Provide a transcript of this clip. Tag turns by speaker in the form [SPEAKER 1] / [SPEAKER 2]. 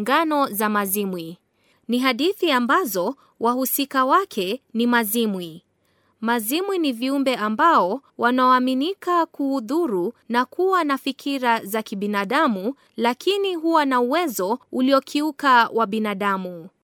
[SPEAKER 1] Ngano za Mazimwi ni hadithi ambazo wahusika wake ni mazimwi. Mazimwi ni viumbe ambao wanaoaminika kuudhuru na kuwa na fikira za kibinadamu, lakini huwa na uwezo uliokiuka wa binadamu.